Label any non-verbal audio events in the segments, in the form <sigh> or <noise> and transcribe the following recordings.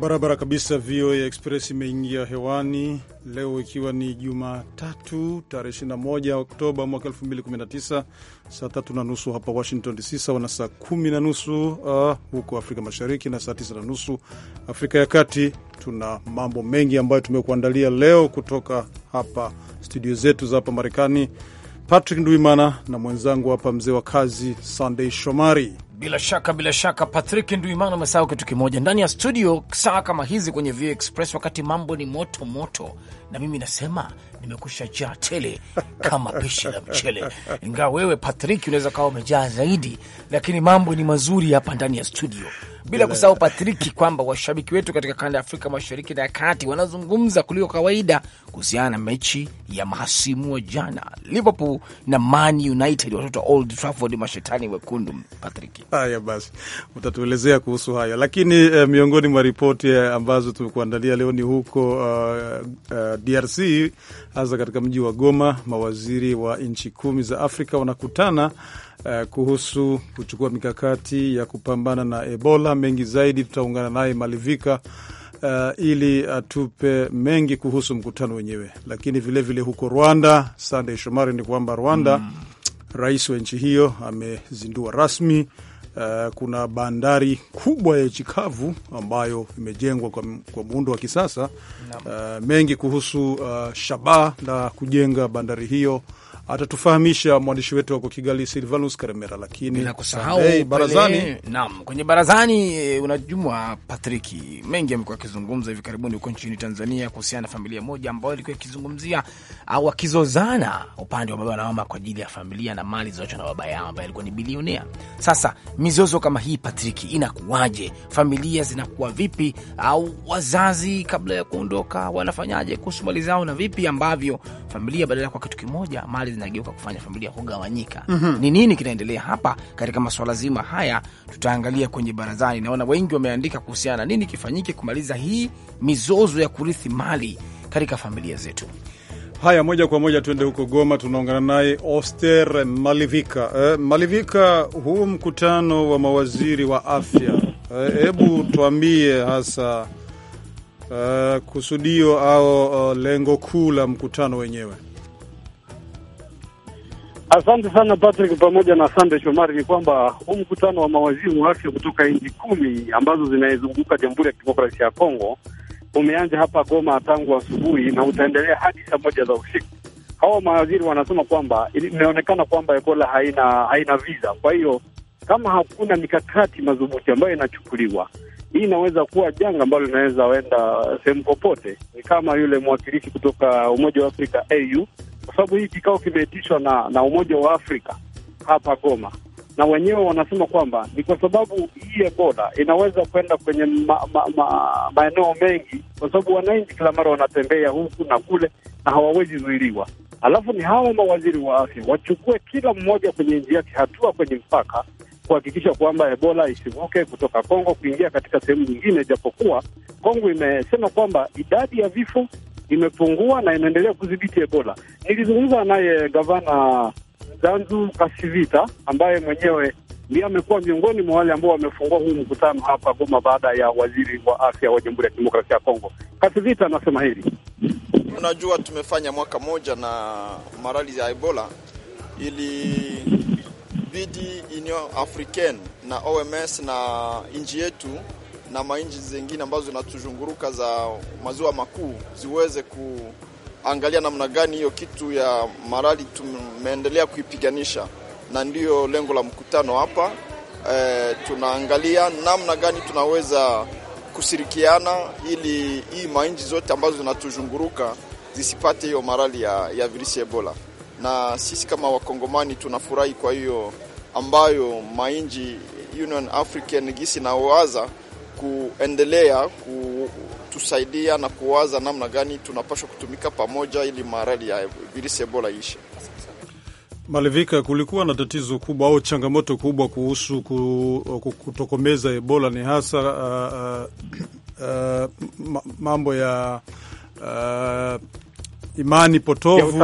Barabara kabisa. VOA Express imeingia hewani leo ikiwa ni Jumatatu tarehe 21 Oktoba mwaka 2019 saa tatu na nusu hapa Washington DC, sawa na saa kumi na nusu uh, huko Afrika Mashariki na saa tisa na nusu Afrika ya Kati. Tuna mambo mengi ambayo tumekuandalia leo kutoka hapa studio zetu za hapa Marekani. Patrick Ndwimana na mwenzangu hapa mzee wa kazi Sunday Shomari bila shaka bila shaka, Patrick Nduimana amesahau kitu kimoja ndani ya studio saa kama hizi kwenye Vio Express, wakati mambo ni moto moto, na mimi nasema nimekusha jaa tele <laughs> kama pishi la mchele, ingawa wewe Patrick unaweza kawa umejaa zaidi, lakini mambo ni mazuri hapa ndani ya studio bila kusahau Patriki <laughs> kwamba washabiki wetu katika kanda ya Afrika Mashariki na ya Kati wanazungumza kuliko kawaida kuhusiana na mechi ya mahasimu wa jana, Liverpool na Man United, watoto Old Trafford, mashetani wekundu. Patriki, haya basi, utatuelezea kuhusu hayo, lakini eh, miongoni mwa ripoti eh, ambazo tumekuandalia leo ni huko uh, uh, DRC hasa katika mji wa Goma, mawaziri wa nchi kumi za Afrika wanakutana Eh, kuhusu kuchukua mikakati ya kupambana na Ebola. Mengi zaidi tutaungana naye Malivika uh, ili atupe mengi kuhusu mkutano wenyewe, lakini vilevile vile huko Rwanda, Sandey Shomari, ni kwamba Rwanda mm. Rais wa nchi hiyo amezindua rasmi uh, kuna bandari kubwa ya nchi kavu ambayo imejengwa kwa, kwa muundo wa kisasa uh, mengi kuhusu uh, shabaha la kujenga bandari hiyo atatufahamisha mwandishi wetu wako Kigali, Silvanus Karemera. Lakini kusahau hey, barazani naam, kwenye barazani eh, unajumwa Patriki, mengi amekuwa akizungumza hivi karibuni huko nchini Tanzania kuhusiana na familia moja ambayo ilikuwa ikizungumzia au akizozana upande wa baba na mama kwa ajili ya familia na mali zilizoachwa na baba yao ambaye alikuwa ni bilionea. Sasa mizozo kama hii Patriki, inakuwaje? Familia zinakuwa vipi? Au wazazi kabla ya kuondoka wanafanyaje kuhusu mali zao, na vipi ambavyo familia badala ya kuwa kitu kimoja mali zinageuka kufanya familia kugawanyika. Mhm. Ni mm -hmm. nini kinaendelea hapa katika masuala zima haya? Tutaangalia kwenye barazani. Naona wengi wameandika kuhusiana na nini kifanyike kumaliza hii mizozo ya kurithi mali katika familia zetu. Haya, moja kwa moja tuende huko Goma, tunaongana naye Oster Malivika. Eh, Malivika, huu mkutano wa mawaziri wa afya, eh, hebu eh, tuambie hasa eh, kusudio au uh, lengo kuu la mkutano wenyewe. Asante sana Patrick, pamoja na sande Shomari. Ni kwamba huu mkutano wa mawaziri wa afya kutoka nchi kumi ambazo zinaizunguka Jamhuri ya Kidemokrasia ya Kongo umeanza hapa Goma tangu asubuhi na utaendelea hadi saa moja za usiku. Hawa mawaziri wanasema kwamba imeonekana kwamba Ebola haina haina visa, kwa hiyo kama hakuna mikakati madhubuti ambayo inachukuliwa, hii inaweza kuwa janga ambalo linaweza enda sehemu popote. Ni kama yule mwakilishi kutoka Umoja wa Afrika au kwa sababu hii kikao kimeitishwa na, na Umoja wa Afrika hapa Goma, na wenyewe wanasema kwamba ni kwa sababu hii Ebola inaweza kwenda kwenye ma, ma, ma, maeneo mengi, kwa sababu wananchi kila mara wanatembea huku na kule na hawawezi zuiliwa. Alafu ni hawa mawaziri wa afya wachukue kila mmoja kwenye nchi yake hatua kwenye mpaka kuhakikisha kwamba Ebola isivuke kutoka Kongo kuingia katika sehemu nyingine, japokuwa Kongo imesema kwamba idadi ya vifo imepungua na imeendelea kudhibiti Ebola. Nilizungumza naye gavana Danzu Kasivita ambaye mwenyewe ndiye amekuwa miongoni mwa wale ambao wamefungua huu mkutano hapa Goma baada ya waziri wa afya wa Jamhuri ya Kidemokrasia ya Kongo. Kasivita anasema hili, unajua tumefanya mwaka moja na marali ya Ebola ili bidi Union Africaine na OMS na nchi yetu na mainji zingine ambazo zinatuzunguruka za maziwa makuu ziweze kuangalia namna gani hiyo kitu ya marali tumeendelea kuipiganisha, na ndiyo lengo la mkutano hapa. E, tunaangalia namna gani tunaweza kushirikiana ili hii mainji zote ambazo zinatuzunguruka zisipate hiyo marali ya, ya virusi Ebola, na sisi kama wakongomani tunafurahi kwa hiyo ambayo mainji Union African gisi na uwaza kuendelea kutusaidia na kuwaza namna gani tunapaswa kutumika pamoja ili marali ya virusi Ebola iishe. Malivika, kulikuwa na tatizo kubwa au changamoto kubwa kuhusu kutokomeza Ebola ni hasa uh, uh, uh, mambo ya uh, imani potovu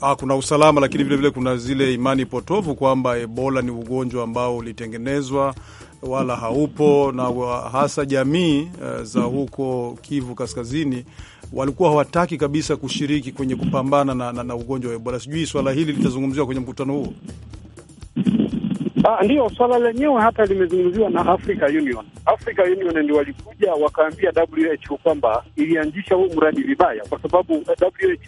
Ha, ah, kuna usalama lakini vilevile mm, vile kuna zile imani potovu kwamba Ebola ni ugonjwa ambao ulitengenezwa wala haupo na hasa jamii uh, za huko Kivu Kaskazini walikuwa hawataki kabisa kushiriki kwenye kupambana na, na, na ugonjwa wa Ebola. Sijui swala hili litazungumziwa kwenye mkutano huo. Ah, ndio swala lenyewe hata limezungumziwa na Africa Union. Africa Union ndio walikuja wakaambia WHO kwamba ilianzisha huu mradi vibaya, kwa sababu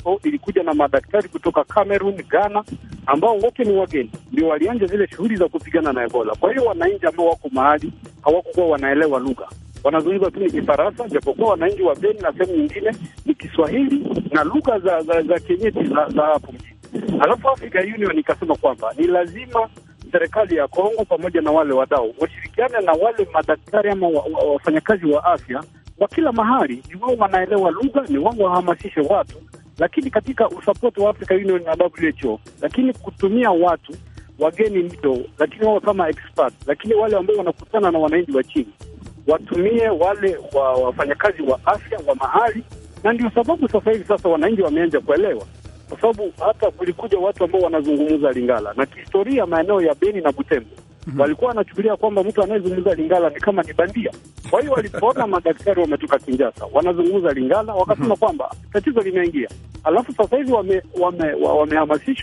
WHO ilikuja na madaktari kutoka Cameroon, Ghana ambao wote ni wageni, ndio walianza zile shughuli za kupigana na Ebola. Kwa hiyo wananchi ambao wako mahali hawakukuwa wanaelewa lugha, wanazungumza tu ni Kifaransa, japokuwa wananchi wa Beni na sehemu nyingine ni Kiswahili na lugha za, za, za kienyeji za hapo mjini. Alafu Africa Union ikasema kwamba ni lazima serikali ya Kongo pamoja na wale wadau washirikiane na wale madaktari ama wafanyakazi wa, afya wa kila mahali. Ni wao wanaelewa lugha, ni wao wahamasishe watu, lakini katika usapoti wa Africa Union na WHO, lakini kutumia watu wageni ndio, lakini wao kama expert, lakini wale ambao wanakutana na wananchi wa chini watumie wale wa wafanyakazi wa afya wa mahali, na ndio sababu sasa hivi sasa wananchi wameanza kuelewa kwa sababu hata kulikuja watu ambao wanazungumza Lingala na kihistoria, maeneo ya Beni na Butembo Mm -hmm. Walikuwa wanachukulia kwamba mtu anayezungumza Lingala ni kama ni bandia. Kwa hiyo walipoona <laughs> madaktari wametoka kinjasa wanazungumza Lingala, wakasema mm -hmm. kwamba tatizo limeingia. Alafu sasa hivi wamehamasishwa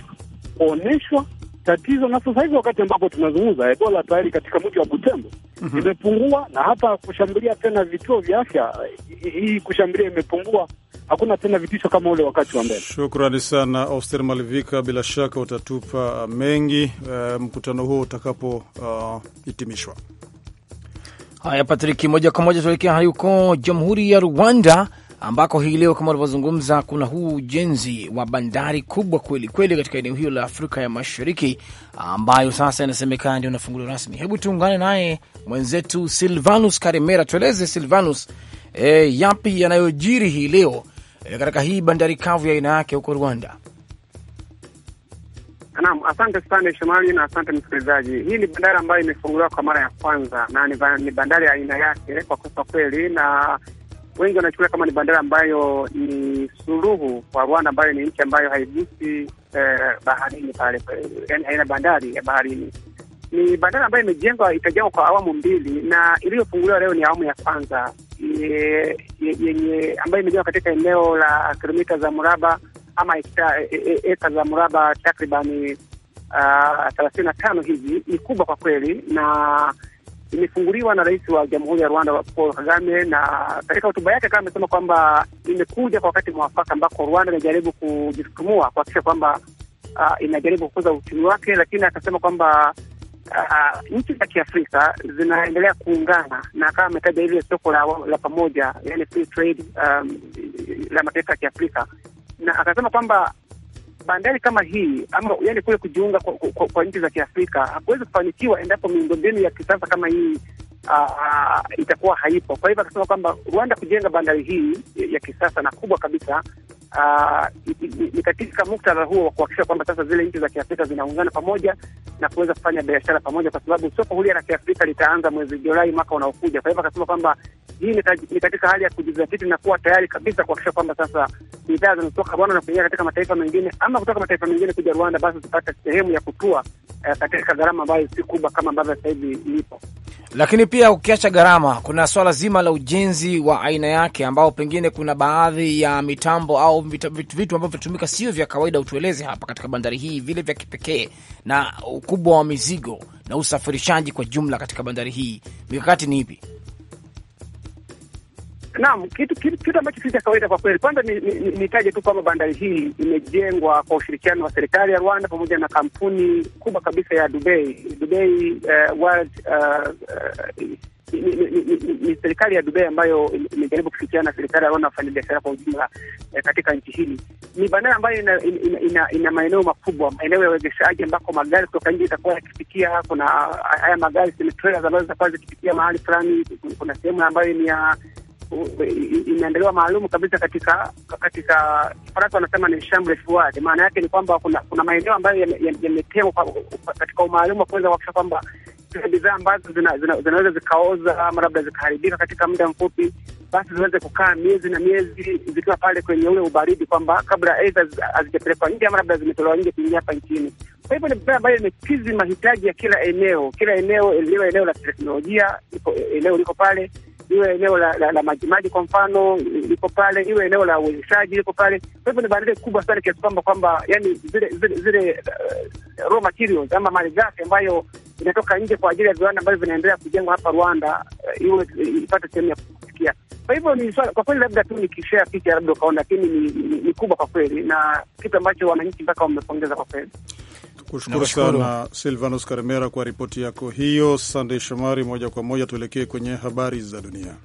wame, wame kuoneshwa tatizo, na sasa hivi wakati ambapo tunazungumza Ebola tayari katika mji wa Butembo mm -hmm. imepungua, na hata kushambulia tena vituo vya afya, hii kushambulia imepungua hakuna tena vitisho kama ule wakati wa mbele. Shukrani sana Auster Malivika, bila shaka utatupa mengi e, mkutano huo utakapohitimishwa. Uh, haya Patriki, moja kwa moja tuelekea huko Jamhuri ya Rwanda ambako hii leo kama ulivyozungumza, kuna huu ujenzi wa bandari kubwa kweli kweli katika eneo hilo la Afrika ya Mashariki ambayo sasa inasemekana ndio inafunguliwa rasmi. Hebu tuungane naye mwenzetu Silvanus Karemera, tueleze Silvanus, e, yapi yanayojiri hii leo katika hii bandari kavu ya aina yake huko Rwanda? Naam, asante sana Shomali na asante msikilizaji. Hii ni bandari ambayo imefunguliwa kwa mara ya kwanza na ni bandari ya aina yake kwa kusema kweli, na wengi wanachukulia kama ni bandari ambayo ni suluhu kwa Rwanda ambayo ni nchi ambayo haigusi eh, baharini pale, yaani haina bandari ya baharini. Ni bandari ambayo imejengwa itajengwa kwa awamu mbili, na iliyofunguliwa leo ni awamu ya kwanza yenye ambayo imejaa katika eneo la kilomita za mraba ama e, e, e, eka za mraba takribani ah, thelathini na tano hivi. Ni kubwa kwa kweli, na imefunguliwa na Rais wa Jamhuri ya Rwanda Paul Kagame, na katika hotuba yake kama amesema kwamba imekuja kwa wakati mwafaka ambako Rwanda inajaribu kujisutumua kuhakikisha kwamba Uh, inajaribu kukuza uchumi wake, lakini akasema kwamba uh, nchi za Kiafrika zinaendelea kuungana na kama ametaja ile soko la, la pamoja yani free trade um, la mataifa ya Kiafrika, na akasema kwamba bandari kama hii ama yani kule kujiunga kwa, kwa, kwa nchi za Kiafrika hakuwezi kufanikiwa endapo miundombinu ya kisasa kama hii Uh, uh, itakuwa haipo. Kwa hivyo akasema kwamba Rwanda kujenga bandari hii ya kisasa na kubwa kabisa Ah, ni katika muktadha huo wa kuhakikisha kwamba sasa zile nchi za Kiafrika zinaungana pamoja na kuweza kufanya biashara pamoja, kwa sababu soko huria la Kiafrika litaanza mwezi Julai mwaka unaokuja. Kwa hivyo akasema kwamba hii ni katika hali ya kujizatiti na kuwa tayari kabisa kuhakikisha kwamba sasa bidhaa zinatoka Rwanda na kuingia katika mataifa mengine ama kutoka mataifa mengine kuja Rwanda, basi zipate sehemu ya kutua eh, katika gharama ambayo si kubwa kama ambavyo sasa hivi ilipo. Lakini pia ukiacha gharama, kuna swala zima la ujenzi wa aina yake, ambao pengine kuna baadhi ya mitambo au vitu, vitu ambavyo vinatumika sio vya kawaida. Utueleze hapa katika bandari hii vile vya kipekee na ukubwa wa mizigo na usafirishaji kwa jumla katika bandari hii, mikakati ni ipi? Naam, kitu kitu, kitu ambacho si cha kawaida kwa kweli. Kwanza nitaje ni, ni tu kwamba bandari hii imejengwa kwa ushirikiano wa serikali ya Rwanda pamoja na kampuni kubwa kabisa ya Dubai Dubai uh, eh, World uh, uh, ni, ni, ni, ni, ni serikali ya Dubai ambayo imejaribu kushirikiana na serikali ya Rwanda kufanya biashara kwa ujumla eh, katika nchi hili. Ni bandari ambayo ina, ina, ina, ina ina maeneo makubwa, maeneo ya uwegeshaji ambako magari kutoka nje itakuwa yakipitia. Kuna haya magari semi trailers ambazo zitakuwa zikipitia mahali fulani. Kuna sehemu ambayo ni ya imeandaliwa maalum kabisa katika katika Kifaransa wanasema ni chambre froide. Maana yake ni kwamba kuna kuna maeneo ambayo yametengwa katika umaalumu wa kuweza kuhakikisha kwamba zile bidhaa ambazo zinaweza zikaoza ama labda zikaharibika katika muda mfupi, basi ziweze kukaa miezi na miezi zikiwa pale kwenye ule ubaridi, kwamba kabla aidha hazijapelekwa nje ama labda zimetolewa nje kuingia hapa nchini. Kwa hivyo ni bidhaa ambayo imekizi mahitaji ya kila eneo, kila eneo, eneo eneo la teknolojia, eneo liko pale iwe eneo la, la, la majimaji kwa mfano liko pale, iwe eneo la uwezeshaji liko pale. Kwa hivyo ni bandari kubwa sana kiasi kwamba kwamba yani zile zile, zile uh, raw materials ama malighafi ambayo inatoka nje kwa ajili ya viwanda ambavyo vinaendelea kujengwa hapa Rwanda uh, iwe ipate sehemu ya kufikia. Kwa hivyo ni swala kwa kweli, labda tu nikishare picha labda ukaona, lakini ni, ni, ni kubwa kwa kweli na kitu ambacho wananchi mpaka wamepongeza kwa kweli. Kushukuru sana Silvanus Karemera kwa ripoti yako hiyo. Sandey Shomari, moja kwa moja tuelekee kwenye habari za dunia.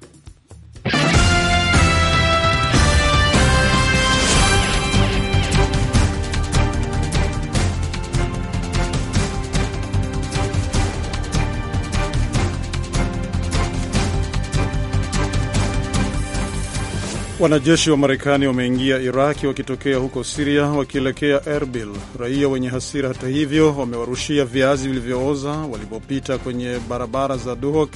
Wanajeshi wa Marekani wameingia Iraki wakitokea huko Siria wakielekea Erbil. Raia wenye hasira, hata hivyo, wamewarushia viazi vilivyooza walipopita kwenye barabara za Duhok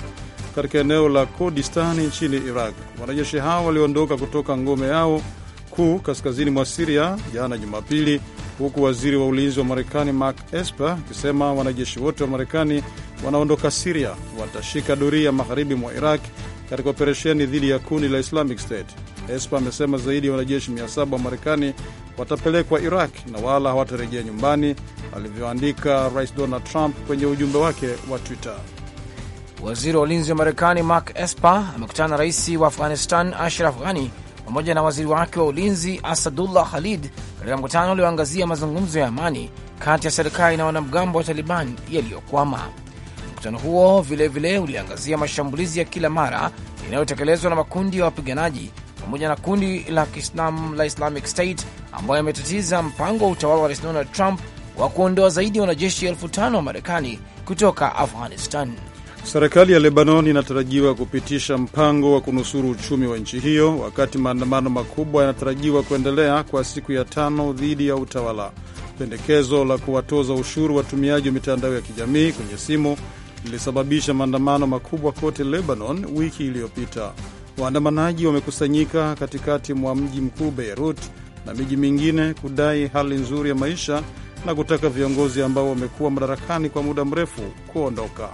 katika eneo la Kurdistani nchini Iraq. Wanajeshi hao waliondoka kutoka ngome yao kuu kaskazini mwa Siria jana Jumapili, huku waziri wa ulinzi wa Marekani Mark Esper akisema wanajeshi wote wa Marekani wanaondoka Siria watashika doria magharibi mwa Iraq katika operesheni dhidi ya kundi la Islamic State. Esper amesema zaidi ya wanajeshi 700 wa Marekani watapelekwa Iraq na wala hawatarejea nyumbani, alivyoandika Rais Donald Trump kwenye ujumbe wake wa Twitter. Waziri wa ulinzi wa Marekani Mark Esper amekutana na rais wa Afghanistan Ashraf Ghani pamoja na waziri wake wa ulinzi Asadullah Khalid katika mkutano ulioangazia mazungumzo ya amani kati ya serikali na wanamgambo wa Taliban yaliyokwama. Mkutano huo vilevile uliangazia mashambulizi ya kila mara yanayotekelezwa na makundi ya wapiganaji pamoja na kundi la Kiislamu la Islamic State ambayo ametatiza mpango wa utawala wa Rais Donald Trump wa kuondoa zaidi ya wanajeshi elfu tano wa Marekani kutoka Afghanistan. Serikali ya Lebanon inatarajiwa kupitisha mpango wa kunusuru uchumi wa nchi hiyo, wakati maandamano makubwa yanatarajiwa kuendelea kwa siku ya tano dhidi ya utawala. Pendekezo la kuwatoza ushuru watumiaji wa mitandao ya kijamii kwenye simu lilisababisha maandamano makubwa kote Lebanon wiki iliyopita. Waandamanaji wamekusanyika katikati mwa mji mkuu Beirut na miji mingine kudai hali nzuri ya maisha na kutaka viongozi ambao wamekuwa madarakani kwa muda mrefu kuondoka.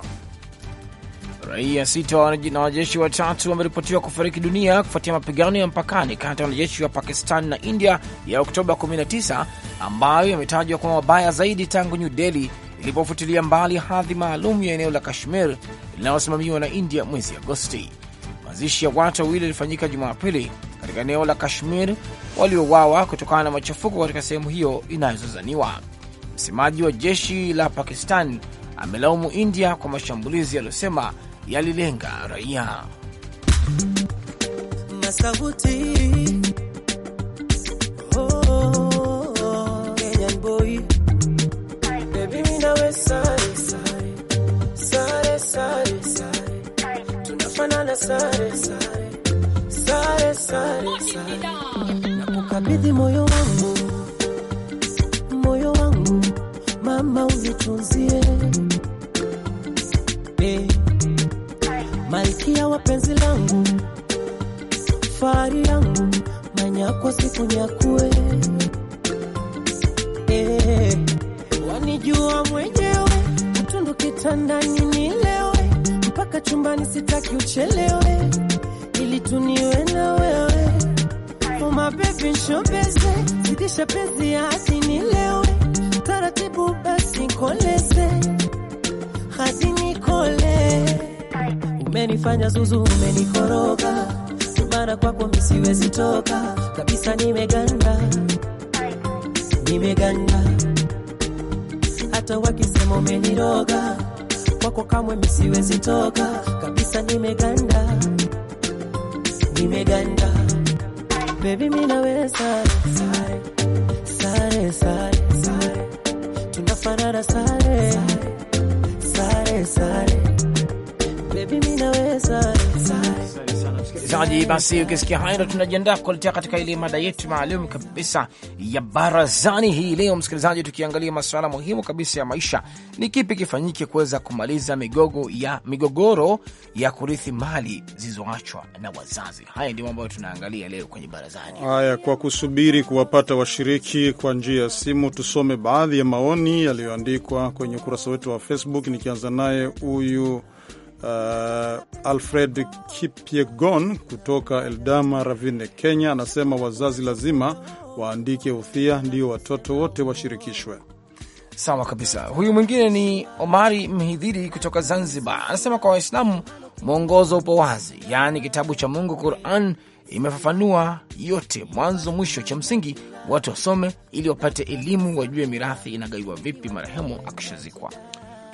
Raia sita na wanajeshi watatu wameripotiwa kufariki dunia kufuatia mapigano ya mpakani kati ya wanajeshi wa Pakistan na India ya Oktoba 19 ambayo yametajwa kuwa mabaya zaidi tangu New Delhi ilipofutilia mbali hadhi maalum ya eneo la Kashmir linalosimamiwa na India mwezi Agosti. Mazishi ya watu wawili yalifanyika Jumapili katika eneo la Kashmir waliowawa kutokana na machafuko katika sehemu hiyo inayozozaniwa. Msemaji wa jeshi la Pakistan amelaumu India kwa mashambulizi yaliyosema yalilenga raia. Oh, oh, oh, sare, sare, sare, sare, sare. Nakukabidhi moyo wangu, moyo wangu mama, unitunzie eh, malkia wa penzi langu, fahari yangu, manyakwa sikunyakue eh, wanijua mwenyewe, utundu kitandani nilewe mpaka chumbani, sitaki uchelewe ili tuniwe na wewe. Oh my baby, nishobeze, zidisha penzi hadi nilewe, taratibu basi koleze hadi nikole. Umenifanya zuzu, umenikoroga subara, kwako misiwezi toka kabisa, nimeganda, nimeganda hata wakisema umeniroga kwako kamwe misiwezi toka kabisa, nimeganda nimeganda, baby minaweza sare sare sare sare, tunafanana sare sare sare, baby minaweza sare msikilizaji, basi ukisikia hayo, ndo tunajiandaa kukuletea katika ile mada yetu maalum kabisa ya barazani hii leo, msikilizaji, tukiangalia masuala muhimu kabisa ya maisha. Ni kipi kifanyike kuweza kumaliza migogo ya migogoro ya kurithi mali zilizoachwa na wazazi? Haya ndio ambayo tunaangalia leo kwenye barazani. Haya, kwa kusubiri kuwapata washiriki kwa njia ya simu, tusome baadhi ya maoni yaliyoandikwa kwenye ukurasa wetu wa Facebook, nikianza naye huyu Uh, Alfred Kipyegon kutoka Eldama Ravine, Kenya, anasema wazazi lazima waandike uthia ndio watoto wote washirikishwe. Sawa kabisa. Huyu mwingine ni Omari Mhidhiri kutoka Zanzibar, anasema kwa Waislamu mwongozo upo wazi, yaani kitabu cha Mungu Quran imefafanua yote, mwanzo mwisho. Cha msingi watu wasome ili wapate elimu, wajue mirathi inagaiwa vipi marehemu akishazikwa.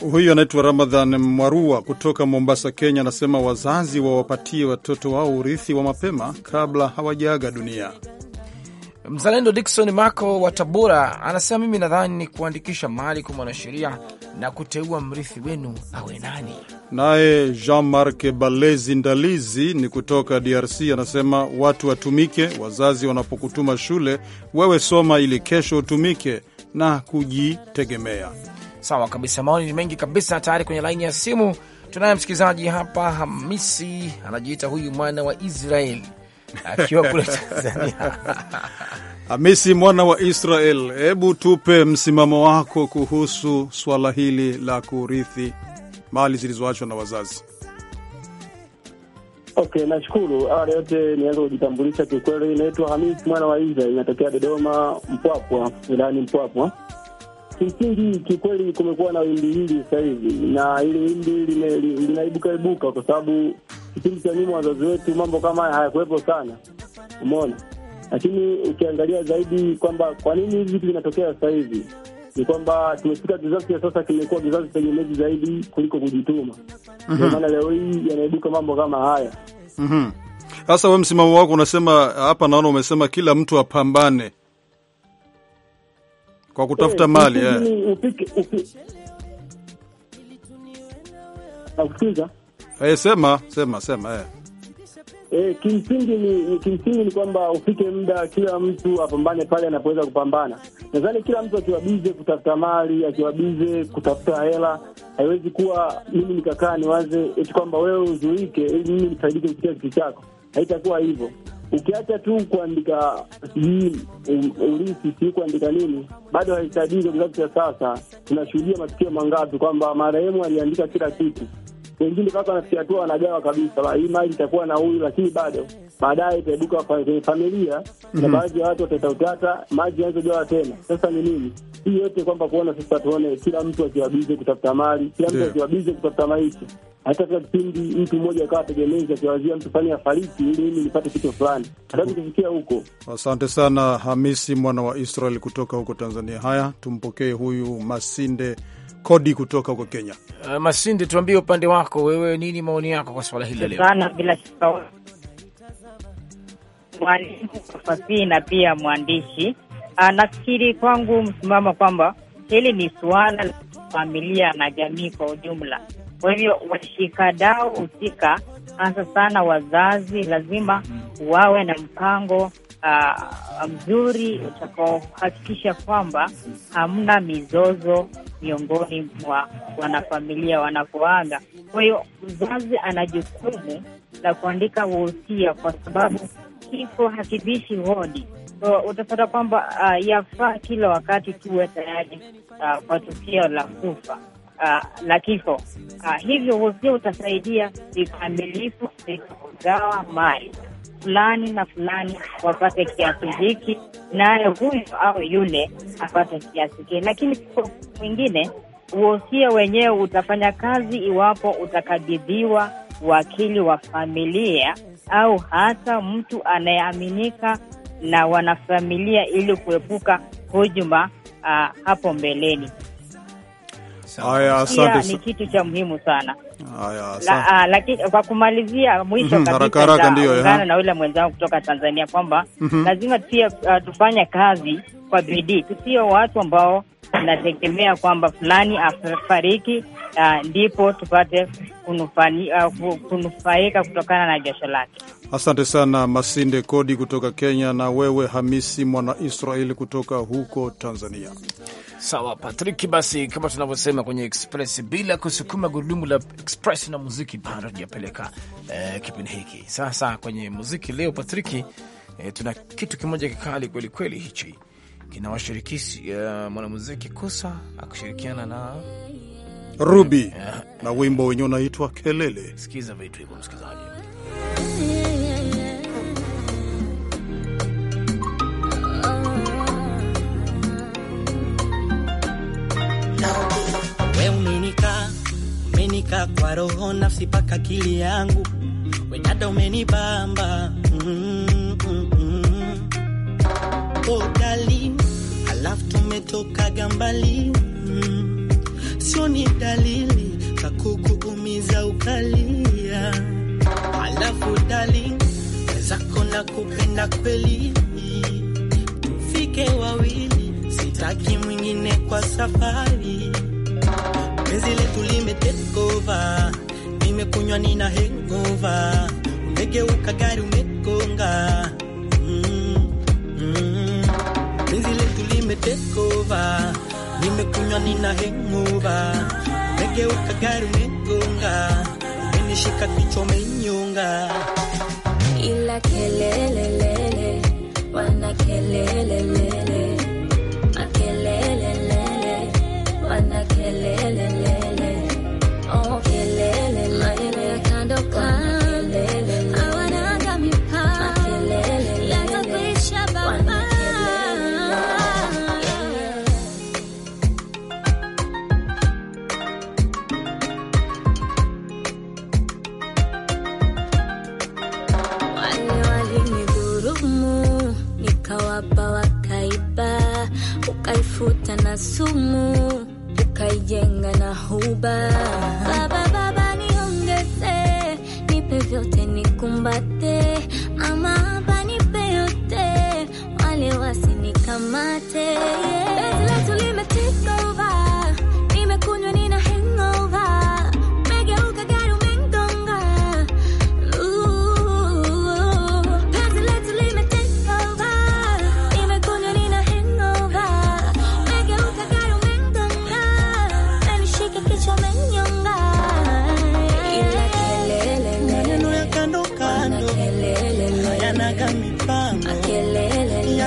Huyu anaitwa Ramadhan Mwarua kutoka Mombasa, Kenya, anasema wazazi wawapatie watoto wao urithi wa mapema kabla hawajaaga dunia. Mzalendo Dikson Mako wa Tabora anasema mimi nadhani ni kuandikisha mali kwa mwanasheria na kuteua mrithi wenu awe nani. Naye Jean Marc Balezi Ndalizi ni kutoka DRC anasema watu watumike, wazazi wanapokutuma shule wewe soma ili kesho utumike na kujitegemea. Sawa kabisa, maoni ni mengi kabisa. Tayari kwenye laini ya simu tunaye msikilizaji hapa, Hamisi anajiita huyu mwana wa israel akiwa kule <laughs> Tanzania. Hamisi mwana wa Israel, hebu tupe msimamo wako kuhusu swala hili la kurithi mali zilizoachwa na wazazi. Okay, nashukuru. Awali yote niweza kujitambulisha. Kiukweli inaitwa Hamisi mwana wa Israel, inatokea Dodoma, Mpwapwa, wilayani Mpwapwa. Kimsingi kikweli, kumekuwa na wimbi hili sasa hivi, na ile wimbi hili linaibuka ibuka, kwa sababu kipindi cha nyuma wazazi wetu mambo kama haya hayakuwepo sana, umeona. Lakini ukiangalia zaidi kwamba kwa nini hivi vitu vinatokea sasa hivi, ni kwamba tumefika kizazi cha sasa, kimekuwa kizazi chenye mezi zaidi kuliko kujituma. Ndio mhm. maana mm -hmm. leo hii yanaibuka mambo kama haya mhm. sasa mm -hmm. We, msimamo wako unasema hapa, naona umesema kila mtu apambane kwa kutafuta mali eh, eh. Eh, sema sema sema e. E, kimsingi ni kimsingi ni kwamba ufike muda kila mtu apambane pale anapoweza kupambana. Nadhani kila mtu akiwa bize kutafuta mali, akiwa bize kutafuta hela, haiwezi kuwa mimi nikakaa niwaze eti kwamba wewe uzuike ili mimi nifaidike kupitia kitu chako, haitakuwa hivyo ukiacha tu kuandika hii ulisi si kuandika nini, bado haisadiki kwa kizazi cha sasa. Tunashuhudia matukio mangapi kwamba marehemu aliandika kila kitu wengine mpaka wanafikia hatua wanagawa kabisa, hii mali itakuwa na huyu, lakini bado baadaye itaibuka kwenye familia na mhm. baadhi ya watu watatautata maji yanazogawa tena. Sasa ni nini hii yote, kwamba kuona sasa tuone kila mtu akiwabize kutafuta mali, kila mtu akiwabize kutafuta maisha hata kwa kipindi mtu mmoja akawa tegemezi akiwazia mtu fani afariki ili mimi nipate kitu fulani, hataki kufikia huko. Asante sana Hamisi mwana wa Israel kutoka huko Tanzania. Haya, tumpokee huyu Masinde kodi kutoka huko Kenya. Uh, eh, Masinde, tuambie upande wako wewe, nini maoni yako kwa swala hili leo? Bila shaka mwalimu fasihi na pia mwandishi ah, nafikiri kwangu msimama kwamba hili ni suala la familia na jamii kwa ujumla. Kwa hivyo washikadau husika, hasa sana wazazi, lazima wawe na mpango uh, mzuri utakaohakikisha kwamba hamna mizozo miongoni mwa wanafamilia wanapoaga. Kwa hiyo mzazi ana jukumu la kuandika wosia, kwa sababu kifo hakibishi hodi. So, utapata kwamba uh, yafaa kila wakati tuwe tayari uh, kwa tukio la kufa uh, la kifo uh, hivyo wosia utasaidia vikamilifu vikugawa mali fulani na fulani wapate kiasi hiki, naye huyu au yule apate kiasi kile. Lakini kwa mwingine, uosia wenyewe utafanya kazi iwapo utakabidhiwa wakili wa familia au hata mtu anayeaminika na wanafamilia ili kuepuka hujuma uh, hapo mbeleni ni kitu cha muhimu sana. Haya, la, ah, lakini kwa kumalizia mwisho mm -hmm, kabisa haraka ndio ungana eh. na yule mwenzangu kutoka Tanzania kwamba mm -hmm, lazima pia uh, tufanye kazi kwa bidii, tusio watu ambao tunategemea kwamba fulani afariki, ndipo tupate uh, kunufaika, kutokana na jasho lake. Asante sana Masinde Kodi kutoka Kenya, na wewe Hamisi Mwana Israeli kutoka huko Tanzania. Sawa patrik basi kama tunavyosema kwenye Express, bila kusukuma gurudumu la Express na muziki bado tujapeleka eh, kipindi hiki. Sasa kwenye muziki leo Patriki, eh, tuna kitu kimoja kikali kwelikweli hichi kinawashirikisha uh, eh, mwanamuziki Kosa akishirikiana na Ruby yeah, na wimbo wenyewe unaitwa Kelele. Sikiza vitu hivyo msikilizaji. umenika kwa roho nafsi paka akili yangu we umenibamba mm -mm -mm alafu tumetoka gambali mm, sio ni dalili za kukuumiza ukalia, alafu dali wezako na kupenda kweli, tufike wawili, sitaki mwingine kwa safari, penzi letu limetekova, nimekunywa nina hengova, umegeuka gari umegonga umetekova, nimekunywa nina hengova, megeuka gari umegonga, umenishika kichwa umenyonga, ila kelelelele, wana kelelelele, makelelelele, wana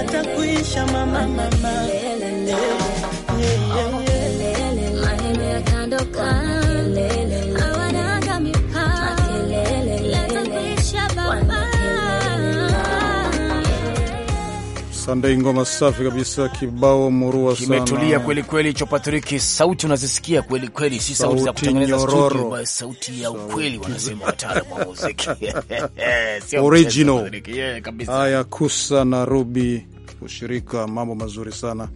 hatakuisha mama, mama. Sandei, ngoma safi kabisa, kibao murua sana, kimetulia kweli kweli. Cho Patrick, sauti unazisikia kweli kweli, si sauti za kutengeneza studio, bali sauti ya ukweli, wanasema wataalamu wa muziki <laughs> original. Haya, kusa na rubi ushirika. Mambo mazuri sana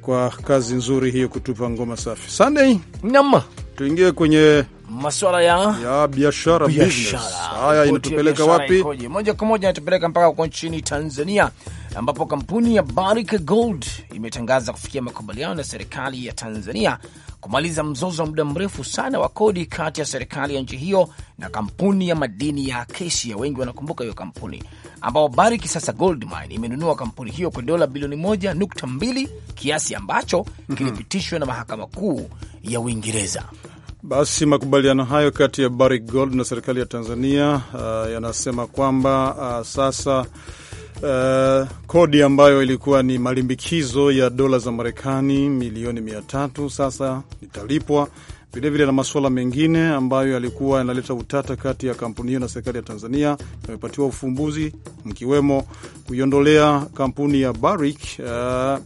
kwa kazi nzuri hiyo, kutupa ngoma safi. Sunday nyama, tuingie kwenye maswala ya, ya biashara business. Haya, inatupeleka wapi? Moja kwa moja inatupeleka mpaka huko nchini Tanzania ambapo kampuni ya Barrick Gold imetangaza kufikia makubaliano na serikali ya Tanzania kumaliza mzozo wa muda mrefu sana wa kodi kati ya serikali ya nchi hiyo na kampuni ya madini ya Acacia. Wengi wanakumbuka hiyo kampuni, ambao Barrick sasa Gold Mine imenunua kampuni hiyo kwa dola bilioni moja nukta mbili kiasi ambacho mm -hmm. kilipitishwa na mahakama kuu ya Uingereza. Basi makubaliano hayo kati ya Barrick Gold na serikali ya Tanzania uh, yanasema kwamba uh, sasa Uh, kodi ambayo ilikuwa ni malimbikizo ya dola za Marekani milioni mia tatu sasa italipwa vilevile, na masuala mengine ambayo yalikuwa yanaleta utata kati ya kampuni hiyo na serikali ya Tanzania yamepatiwa ufumbuzi, mkiwemo kuiondolea kampuni ya Barrick uh,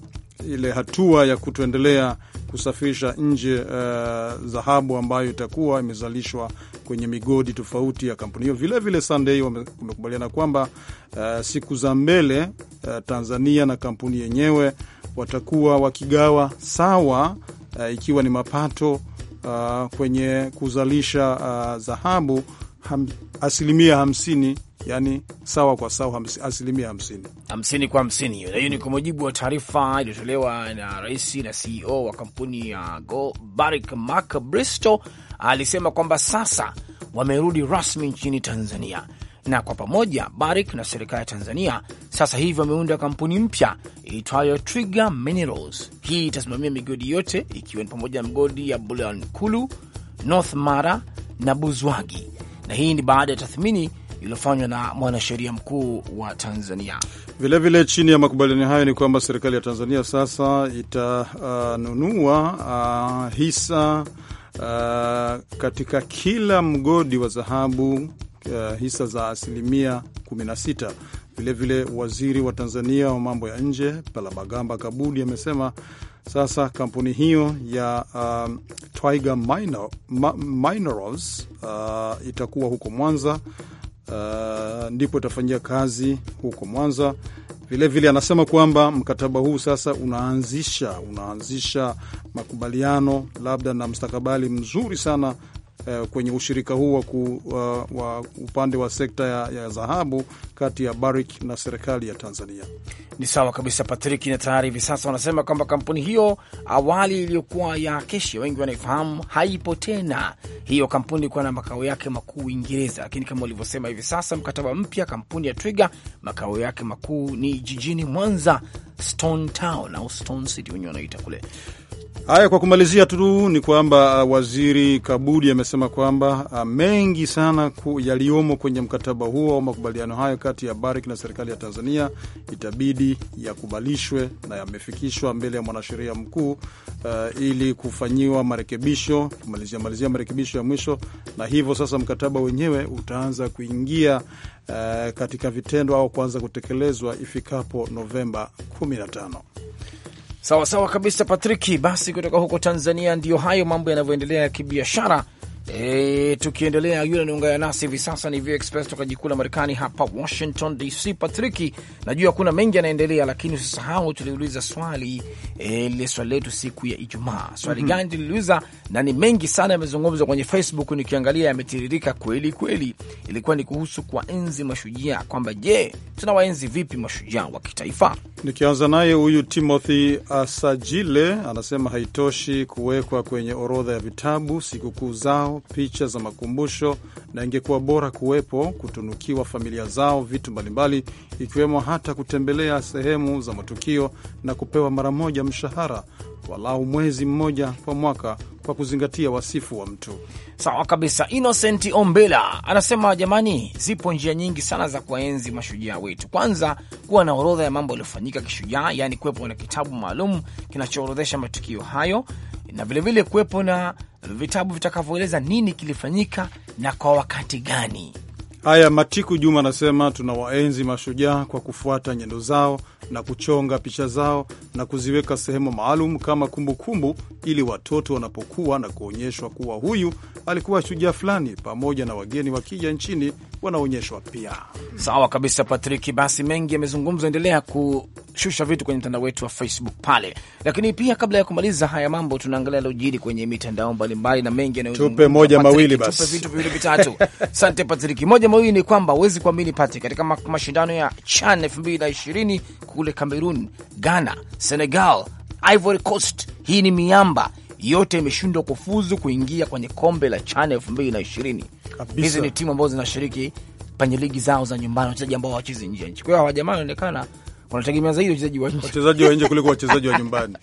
ile hatua ya kutoendelea kusafirisha nje uh, dhahabu ambayo itakuwa imezalishwa kwenye migodi tofauti ya kampuni hiyo. Vilevile Sunday wamekubaliana kwamba uh, siku za mbele uh, Tanzania na kampuni yenyewe watakuwa wakigawa sawa, uh, ikiwa ni mapato uh, kwenye kuzalisha uh, dhahabu ham, asilimia hamsini yani sawa kwa sawa asilimia hamsini hamsini kwa hamsini hiyo. Na hiyo ni kwa mujibu wa taarifa iliyotolewa na rais na CEO wa kampuni ya Go Barrick Mark Bristow alisema kwamba sasa wamerudi rasmi nchini Tanzania na kwa pamoja Barik na serikali ya Tanzania sasa hivi wameunda kampuni mpya iitwayo Twiga Minerals. Hii itasimamia migodi yote ikiwa ni pamoja na migodi ya Bulyanhulu, North Mara na Buzwagi, na hii ni baada ya tathmini iliyofanywa na mwanasheria mkuu wa Tanzania. Vilevile vile chini ya makubaliano hayo ni kwamba serikali ya Tanzania sasa itanunua uh, uh, hisa uh, katika kila mgodi wa dhahabu uh, hisa za asilimia 16. Vilevile waziri wa Tanzania wa mambo ya nje Palamagamba Kabudi amesema sasa kampuni hiyo ya um, Twiga Minerals uh, itakuwa huko Mwanza uh, ndipo itafanyia kazi huko Mwanza. Vilevile vile, anasema kwamba mkataba huu sasa unaanzisha unaanzisha makubaliano labda na mstakabali mzuri sana eh, kwenye ushirika huu wa, ku, wa, wa upande wa sekta ya, ya dhahabu kati ya Barrick na serikali ya Tanzania. Ni sawa kabisa Patrick, na tayari hivi sasa wanasema kwamba kampuni hiyo awali iliyokuwa ya Acacia, wengi wanaifahamu, haipo tena. Hiyo kampuni ilikuwa na makao yake makuu Uingereza, lakini kama ulivyosema, hivi sasa mkataba mpya, kampuni ya Twiga makao yake makuu ni jijini Mwanza, Stone Town au Stone City wenyewe wanaita kule. Haya, kwa kumalizia tu ni kwamba uh, waziri Kabudi amesema kwamba uh, mengi sana yaliyomo kwenye mkataba huo au makubaliano hayo kati ya Barrick na serikali ya Tanzania itabidi yakubalishwe na yamefikishwa mbele ya mwanasheria mkuu uh, ili kufanyiwa marekebisho, kumalizia malizia marekebisho ya mwisho, na hivyo sasa mkataba wenyewe utaanza kuingia uh, katika vitendo au kuanza kutekelezwa ifikapo Novemba 15. Sawasawa kabisa, Patriki. Basi kutoka huko Tanzania, ndiyo hayo mambo yanavyoendelea ya kibiashara E, tukiendelea yule anaungana nasi hivi sasa ni View Express toka jikuu la Marekani hapa Washington DC. Patrick, najua kuna mengi yanaendelea, lakini usisahau tuliuliza swali e, lile swali letu siku ya Ijumaa swali mm -hmm. gani tuliuliza, na ni mengi sana yamezungumzwa kwenye Facebook, nikiangalia yametiririka kweli kweli. Ilikuwa ni kuhusu kwa enzi mashujaa, kwamba je, tuna waenzi vipi mashujaa wa kitaifa? Nikianza naye huyu Timothy Asajile anasema haitoshi kuwekwa kwenye orodha ya vitabu sikukuu zao picha za makumbusho, na ingekuwa bora kuwepo kutunukiwa familia zao vitu mbalimbali, ikiwemo hata kutembelea sehemu za matukio na kupewa mara moja mshahara walau mwezi mmoja kwa mwaka kwa kuzingatia wasifu wa mtu. Sawa kabisa. Innocent Ombela anasema jamani, zipo njia nyingi sana za kuwaenzi mashujaa wetu. Kwanza, kuwa na orodha ya mambo yaliyofanyika kishujaa, yaani kuwepo na kitabu maalum kinachoorodhesha matukio hayo na vilevile kuwepo na vitabu vitakavyoeleza nini kilifanyika na kwa wakati gani. Haya, Matiku Juma anasema tuna waenzi mashujaa kwa kufuata nyendo zao na kuchonga picha zao na kuziweka sehemu maalum kama kumbukumbu kumbu, ili watoto wanapokuwa na kuonyeshwa kuwa huyu alikuwa shujaa fulani, pamoja na wageni wakija nchini wanaonyeshwa pia. Sawa kabisa, Patriki. Basi mengi yamezungumzwa, endelea kushusha vitu kwenye mtandao wetu wa Facebook pale. Lakini pia kabla ya kumaliza haya mambo, tunaangalia lojiri kwenye mitandao mbalimbali na mengi yanayozungumzwa. Tupe moja mawili basi, tupe vitu viwili vitatu. <laughs> Asante Patriki, moja mawili ni kwamba huwezi kuamini Pati, katika mashindano ya CHAN 220 kule Cameroon, Ghana, Senegal, Ivory Coast, hii ni miamba yote imeshindwa kufuzu kuingia kwenye kombe la CHAN 2020. Hizi ni timu ambazo zinashiriki kwenye ligi zao za nyumbani, wachezaji ambao hawachezi nje ya nchi. Kwa hiyo hawa jamaa wanaonekana wanategemea zaidi wachezaji wa wachezaji wa nje kuliko wachezaji wa nyumbani. <laughs>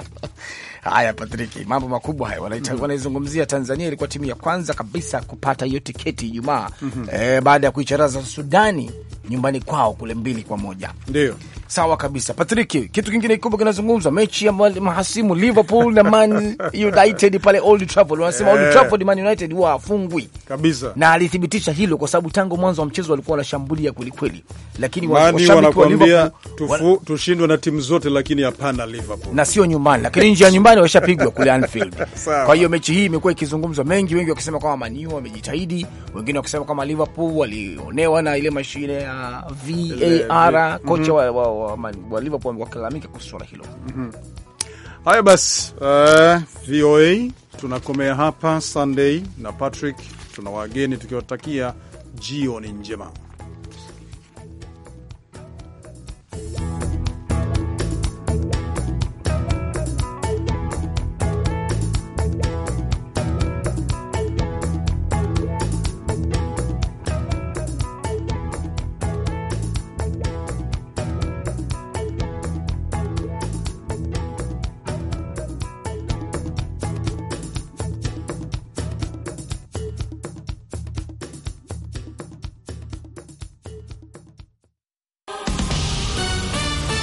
Haya, Patrick, mambo makubwa haya mm-hmm. wanaizungumzia. mm -hmm. Tanzania ilikuwa timu ya kwanza kabisa kupata hiyo tiketi Ijumaa mm -hmm. e, baada ya kuicharaza Sudani nyumbani kwao kule mbili kwa moja ndio Sawa kabisa Patrick, kitu kingine kikubwa kinazungumzwa mechi ya mahasimu Liverpool na Man <laughs> United pale Old Trafford. Wanasema Old eh. Trafford Man United wafungwi kabisa, na alithibitisha hilo kwa sababu tangu mwanzo wa mchezo walikuwa wanashambulia kwelikweli, lakini wanakuambia tushindwe na timu zote, lakini hapana Liverpool, na sio nyumbani, lakini nje ya nyumbani washapigwa kule Anfield. <laughs> Kwa hiyo mechi hii imekuwa ikizungumzwa mengi, wengi wakisema kwamba Man U wamejitahidi, wengine wakisema kwamba Liverpool walionewa na ile mashine ya VAR, kocha mm-hmm. wa wao wa Liverpool wakilalamika kuhusu swala hilo. mm -hmm. Haya basi, uh, eh, VOA tunakomea hapa. Sunday na Patrick tuna wageni tukiwatakia jioni njema.